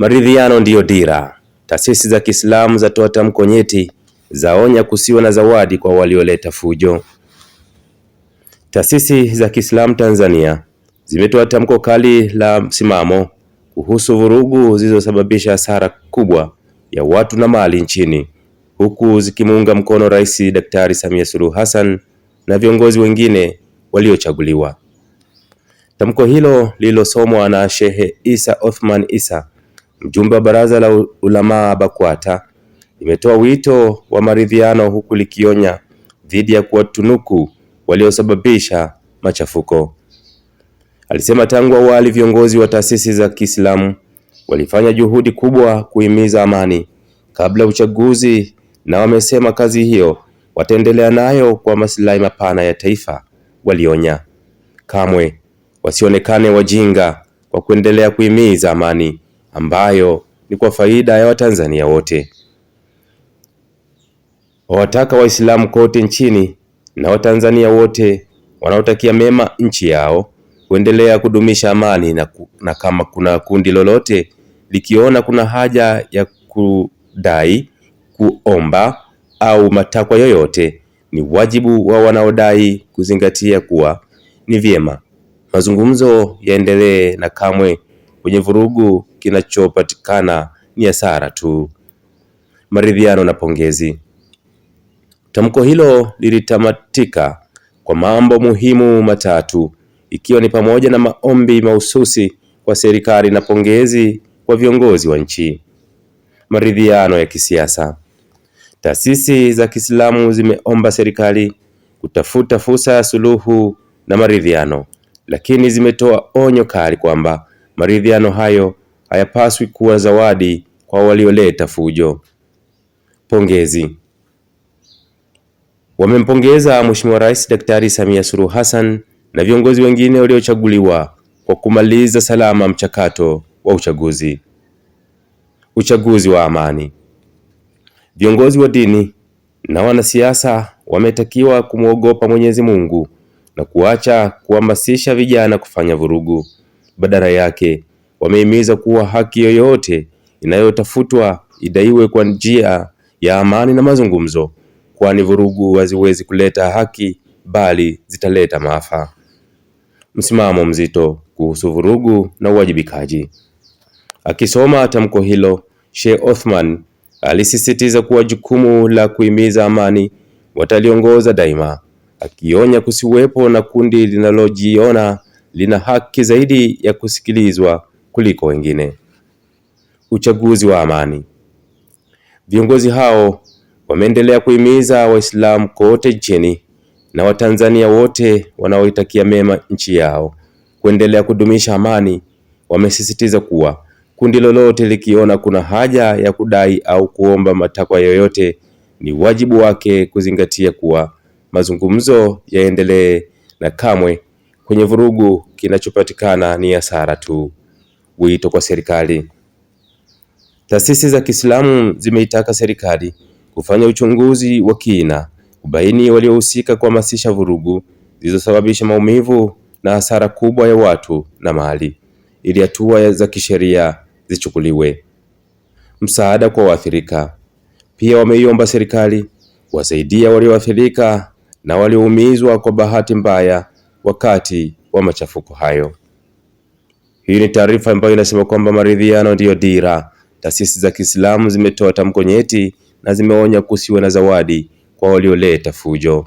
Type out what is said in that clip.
Maridhiano ndiyo dira. Taasisi za Kiislamu zatoa tamko nyeti, zaonya kusiwa na zawadi kwa walioleta fujo. Taasisi za Kiislamu Tanzania zimetoa tamko kali la msimamo kuhusu vurugu zilizosababisha hasara kubwa ya watu na mali nchini, huku zikimuunga mkono Rais Daktari Samia Suluhu Hassan na viongozi wengine waliochaguliwa. Tamko hilo lililosomwa na Shehe Isa Othman Isa Mjumbe wa baraza la ulamaa BAKWATA imetoa wito wa maridhiano, huku likionya dhidi ya kuwatunuku waliosababisha machafuko. Alisema tangu awali viongozi wa taasisi za Kiislamu walifanya juhudi kubwa kuhimiza amani kabla uchaguzi, na wamesema kazi hiyo wataendelea nayo kwa maslahi mapana ya taifa. Walionya kamwe wasionekane wajinga kwa kuendelea kuhimiza amani ambayo ni kwa faida ya Watanzania wote. Wawataka Waislamu kote nchini na Watanzania wote wanaotakia mema nchi yao kuendelea kudumisha amani na, na kama kuna kundi lolote likiona kuna haja ya kudai, kuomba au matakwa yoyote, ni wajibu wa wanaodai kuzingatia kuwa ni vyema mazungumzo yaendelee na kamwe kwenye vurugu kinachopatikana ni hasara tu. Maridhiano na pongezi. Tamko hilo lilitamatika kwa mambo muhimu matatu ikiwa ni pamoja na maombi mahususi kwa serikali na pongezi kwa viongozi wa nchi. Maridhiano ya kisiasa. Taasisi za Kiislamu zimeomba serikali kutafuta fursa ya suluhu na maridhiano, lakini zimetoa onyo kali kwamba maridhiano hayo hayapaswi kuwa zawadi kwa walioleta fujo. Pongezi. Wamempongeza Mheshimiwa Rais Daktari Samia Suluhu Hassan na viongozi wengine waliochaguliwa kwa kumaliza salama mchakato wa uchaguzi. Uchaguzi wa amani. Viongozi wa dini na wanasiasa wametakiwa kumwogopa Mwenyezi Mungu na kuacha kuhamasisha vijana kufanya vurugu, badala yake Wamehimiza kuwa haki yoyote inayotafutwa idaiwe kwa njia ya amani na mazungumzo, kwani vurugu haziwezi kuleta haki bali zitaleta maafa. Msimamo mzito kuhusu vurugu na uwajibikaji. Akisoma tamko hilo, Sheikh Othman alisisitiza kuwa jukumu la kuhimiza amani wataliongoza daima, akionya kusiwepo na kundi linalojiona lina haki zaidi ya kusikilizwa kuliko wengine. Uchaguzi wa amani. Viongozi hao wameendelea kuhimiza Waislamu kote nchini na Watanzania wote wanaoitakia mema nchi yao kuendelea kudumisha amani. Wamesisitiza kuwa kundi lolote likiona kuna haja ya kudai au kuomba matakwa yoyote, ni wajibu wake kuzingatia kuwa mazungumzo yaendelee na kamwe kwenye vurugu kinachopatikana ni hasara tu wito kwa serikali. Taasisi za Kiislamu zimeitaka serikali kufanya uchunguzi wa kina kubaini waliohusika kuhamasisha vurugu zilizosababisha maumivu na hasara kubwa ya watu na mali ili hatua za kisheria zichukuliwe. Msaada kwa waathirika. Pia wameiomba serikali kuwasaidia walioathirika na walioumizwa kwa bahati mbaya wakati wa machafuko hayo. Hii ni taarifa ambayo inasema kwamba maridhiano ndiyo dira. Taasisi za Kiislamu zimetoa tamko nyeti na zimeonya kusiwe na zawadi kwa walioleta fujo.